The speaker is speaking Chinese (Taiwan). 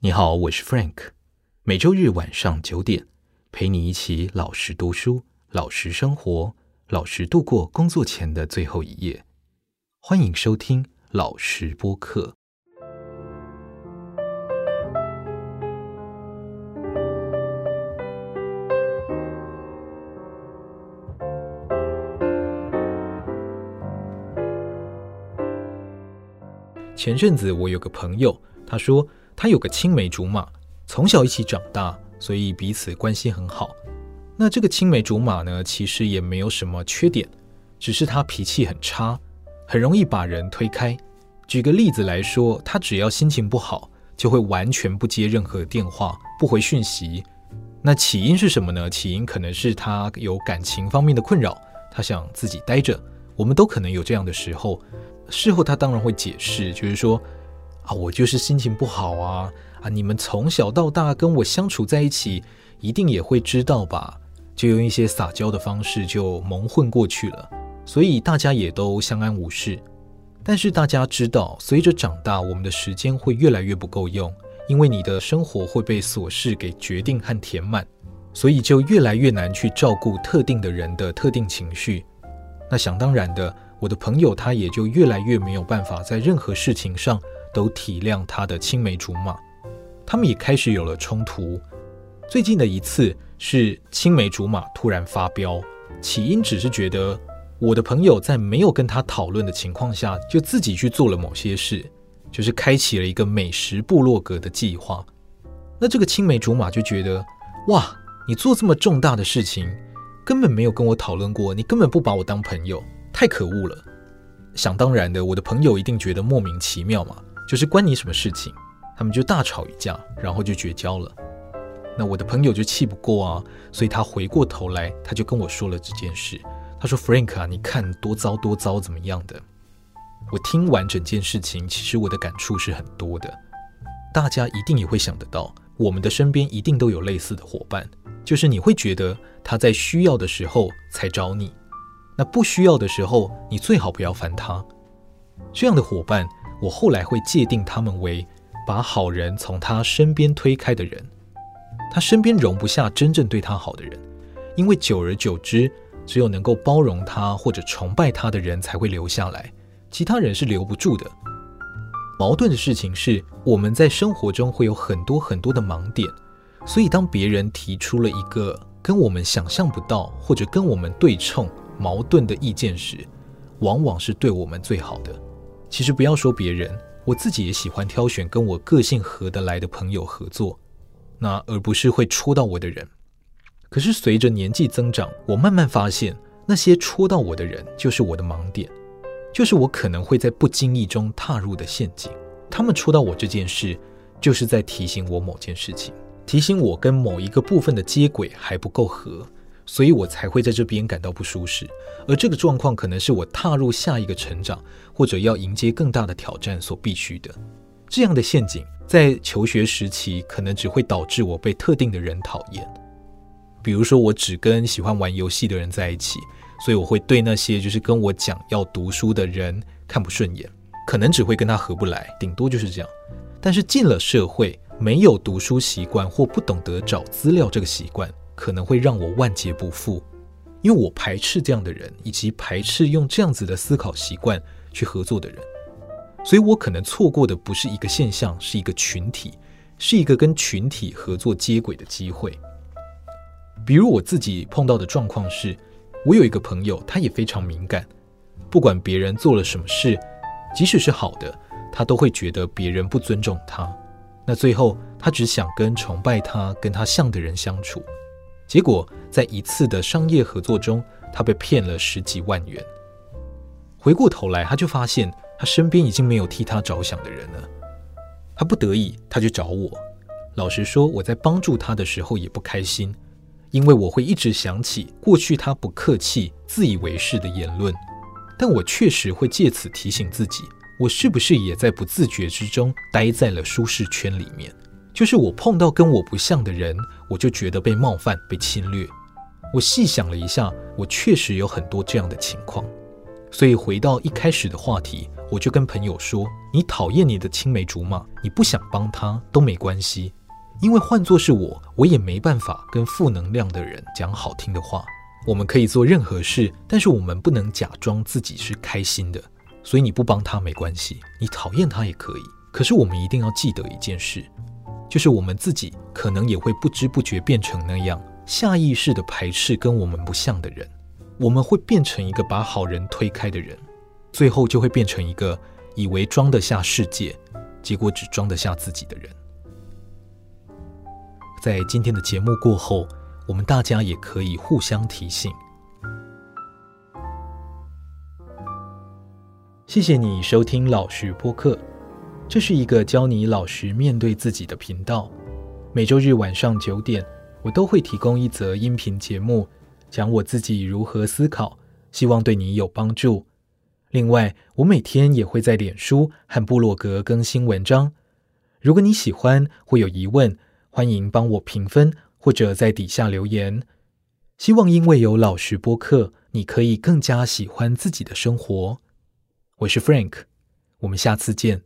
你好，我是 Frank，每週日晚上九點，陪你一起老實讀書、老實生活、老實度過工作前的最後一夜。歡迎收聽老實播客。前陣子我有個朋友，他說。他有個青梅竹馬，從小一起長大，所以彼此關係很好。那這個青梅竹馬呢，其實也沒有什麼缺點，只是他脾氣很差，很容易把人推開。舉個例子來說，他只要心情不好，就會完全不接任何電話，不回訊息。那起因是什麼呢？起因可能是他有感情方面的困擾，他想自己待着。我們都可能有這樣的時候，事後他當然會解釋，就是說，啊，我就是心情不好啊，啊，你們從小到大跟我相處在一起，一定也會知道吧？就用一些撒嬌的方式就蒙混過去了，所以大家也都相安無事。但是大家知道，隨着長大，我們的時間會越來越不夠用，因為你的生活會被瑣事給決定和填滿，所以就越來越難去照顧特定的人的特定情緒。那想當然的，我的朋友他也就越來越沒有辦法在任何事情上。都體諒他的青梅竹馬，他們也開始有了衝突。最近的一次是青梅竹馬突然發飆，起因只是覺得我的朋友在沒有跟他討論的情況下就自己去做了某些事，就是開啟了一個美食部落格的計劃。那這個青梅竹馬就覺得哇，你做這麼重大的事情根本沒有跟我討論過，你根本不把我當朋友，太可惡了！想當然的，我的朋友一定覺得莫名其妙嘛。就是關你什麼事情，他們就大吵一架，然後就絕交了。那我的朋友就氣不過啊，所以他回過頭來，他就跟我說了這件事。他說：“Frank 啊，你看多糟多糟怎麼樣的。”我聽完整件事情，其實我的感觸是很多的。大家一定也會想得到，我們的身邊一定都有類似的夥伴，就是你會覺得他在需要的時候才找你，那不需要的時候，你最好不要煩他。這樣的夥伴。我後來會界定他們為把好人從他身邊推開的人，他身邊容不下真正對他好的人，因為久而久之，只有能夠包容他或者崇拜他的人才會留下來，其他人是留不住的。矛盾的事情是，我們在生活中會有很多很多的盲點，所以當別人提出了一個跟我們想象不到或者跟我們對沖矛盾的意見時，往往是對我們最好的。其實不要說別人，我自己也喜歡挑選跟我個性合得來的朋友合作，那而不是會戳到我的人。可是隨着年紀增長，我慢慢發現，那些戳到我的人就是我的盲點，就是我可能會在不經意中踏入的陷阱。他們戳到我這件事，就是在提醒我某件事情，提醒我跟某一個部分的接軌還不夠合。所以我才會在這邊感到不舒適，而這個狀況可能是我踏入下一個成長或者要迎接更大的挑戰所必須的。這樣的陷阱在求學時期可能只會導致我被特定的人討厭，比如說我只跟喜歡玩遊戲的人在一起，所以我會對那些就是跟我講要讀書的人看不順眼，可能只會跟他合不來，頂多就是這樣。但是進了社會，沒有讀書習慣或不懂得找資料這個習慣。可能會讓我萬劫不復，因為我排斥這樣的人，以及排斥用這樣子的思考習慣去合作的人。所以，我可能錯過的不是一個現象，是一個群體，是一個跟群體合作接軌的機會。比如我自己碰到的狀況是，我有一個朋友，他也非常敏感，不管別人做了什麼事，即使是好的，他都會覺得別人不尊重他。那最後，他只想跟崇拜他、跟他像的人相處。結果，在一次的商業合作中，他被騙了十幾萬元。回過頭來，他就發現他身邊已經沒有替他着想的人了。他不得已，他就找我。老實說，我在幫助他的時候也不開心，因為我會一直想起過去他不客氣、自以為是的言論。但我確實會借此提醒自己，我是不是也在不自覺之中待在了舒適圈裡面？就是我碰到跟我不像的人。我就覺得被冒犯、被侵略。我細想了一下，我確實有很多這樣的情況。所以回到一開始的話題，我就跟朋友說：“你討厭你的青梅竹馬，你不想幫他都沒關係，因為換作是我，我也沒辦法跟負能量的人講好聽的話。我們可以做任何事，但是我們不能假裝自己是開心的。所以你不幫他沒關係，你討厭他也可以。可是我們一定要記得一件事。”就是我們自己可能也會不知不覺變成那樣，下意識的排斥跟我們不像的人，我們會變成一個把好人推開的人，最後就會變成一個以為裝得下世界，結果只裝得下自己的人。在今天的節目過後，我們大家也可以互相提醒。謝謝你收聽老實播客。這是一個教你老實面對自己的頻道。每周日晚上九點，我都會提供一則音頻節目，講我自己如何思考，希望對你有幫助。另外，我每天也會在臉書和部落格更新文章。如果你喜歡或有疑問，歡迎幫我評分或者在底下留言。希望因為有老實播客，你可以更加喜歡自己的生活。我是 Frank，我們下次見。